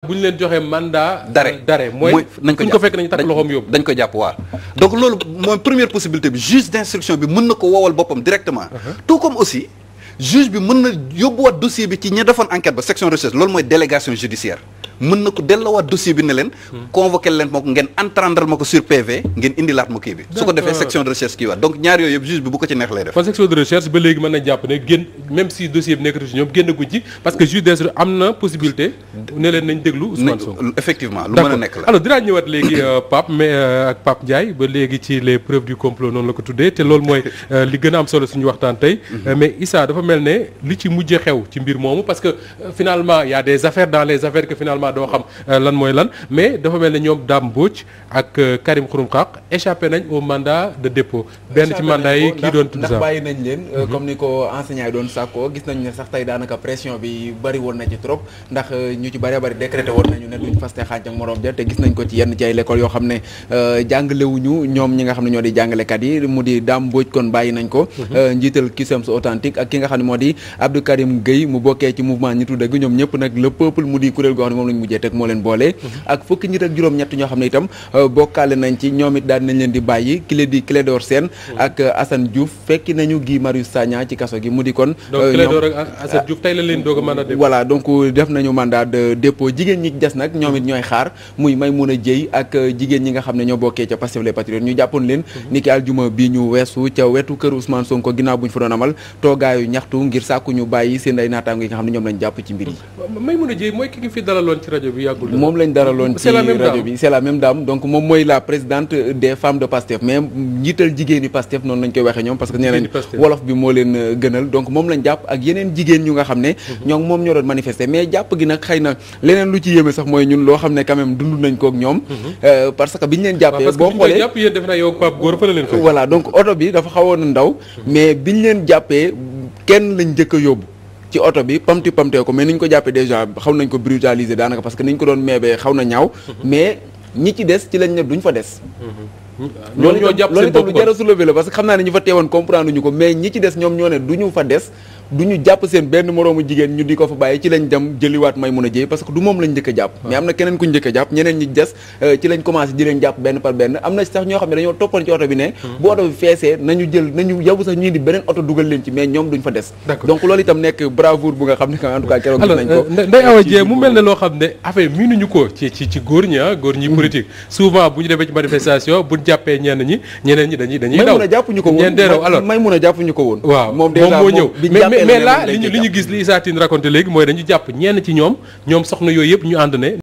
buñ ñu leen joxee mandat. dare euh, dare mooy. nañ ko jàpp ko fekk nañu takk ko jàpp waaw donc loolu mooy première possibilité bi juge d'instruction bi mën na ko woowal boppam directement. Uh-huh. tout comme aussi juge bi mën na yóbbuwaat dossier bi ci ña defoon enquête ba section recherche loolu mooy délégation judiciaire. mën na ko delloowaat dossier bi ne leen convoqué leen moo ko ngeen entendre ma ko sur PV ngeen indilaat ma kii bi su ko defee section de recherche kii waat donc ñaar yooyu yëpp bu ko ci neex lay def kon section de recherche ba léegi mën na jàpp ne génn même si dossier bi nekk ci ñoom génn guñ parce que juge d'instruction am na possibilité ne leen nañ déglu Ousmane Sonko effectivement lu mën a nekk la alors dinaa ñëwaat léegi euh, Pape mais euh, la ko tuddee te loolu mooy euh, li gën am solo suñu waxtaan tey mhm. mais Issa dafa mel ne li ci mujje que finalement il a fois doo xam euh, lan mooy lan mais dafa mel ne ñoom Dame Mbodj ak euh, Karim Xurum Xaq échappé nañ au mandat de dépôt benn ci mandat yi kii doon tudd sax ndax nañ leen euh, mhm. comme ni ko enseignant yi doon sàkkoo gis nañ ne sax tey daanaka pression bi bari woon na ci trop ndax ñu ci bëree bëri décrété woon nañu ne duñ faste xaaj ak morom te gis nañ ko ci yenn ci ay l'école yoo xam ne jàngalewuñu ñoom ñi nga xam ne ñoo di jàngalekat yi mu di Dame Mbodj kon bàyyi ko mhm. njiital kisèms authentique ak ki nga xam ne moo di Abdou Karim Gueye mujjee teg moo leen boole. ak fukki nit ak juróom-ñett ñoo xam ne itam euh, bokkaale nañ ci ñoom it daan leen di bàyyi ki di Clédor Sène ak Assane Diouf fekki nañu Guy Marius Sagna ci kaso gi mu di kon. Euh, donc Clédor ak Assane Diouf tey la leen a mandat de dépôt. voilà donc euh, def nañu mandat de dépôt jigéen ñi des nag ñoom it ñooy xaar muy may Maimouna Dièye ak jigéen ñi nga xam ne ñoo bokkee ca Pastef les Patriotes ñu jàppoon leen mhm. ni ki aljuma bi ñu weesu ca wetu kër Ousmane Sonko ginnaaw bu ñu fa doon amal toogaayu ñaxtu ngir sàkku ñu bàyyi seen ay naataango yi nga xam ne ñoom lañ jàpp ci mbir rajo bi yàggul moom lañ daraloon ci rajo bi c'est la même donc moom mooy la présidente des femmes de Pastef mais njiital jigéeni Pastef noonu lañ koy waxee ñoom parce que nee wolof bi moo leen euh, gënal donc moom lañ jàpp ak yeneen jigéen ñu nga xam ne mhm. ñoom moom ñoo doon manifester mais jàpp gi nag xëy na leneen lu ci yéeme sax mooy ñun loo xam ne quand même nañ koog ñoom mhm. euh, parce que biñu leen jàppee boo xoolee def na yow leen voilà donc oto bi dafa xawoon ndaw mhm. mais biñ leen jàppee kenn lañ njëkk a ci oto bi pamti pamtee ko mais ni ñu ko jàppee déjà xaw nañ ko brutaliser daanaka parce que ni ñu ko doon meebee xaw na ñaaw mais ñi des ci lañ ne duñ fa des mmh. ñoom ñoo jàpp itam lu jar a soulever la parce que xam naa ne ñu fa teewoon comprendre ñu ko mais ñi ci des ñoom ñoo ne duñu fa des du ñu jàpp seen benn moroomu jigéen ñu di ko fa bàyyi ci lañ dem jëliwaat may mun a jàpp ñu ko woon may mun a jàppuñu ko woon moom mais là li ñu li ñu gis li Issa Tine léegi mooy dañu jàpp ñenn ci ñoom ñoom soxna yooyu yëpp ñu ànd ne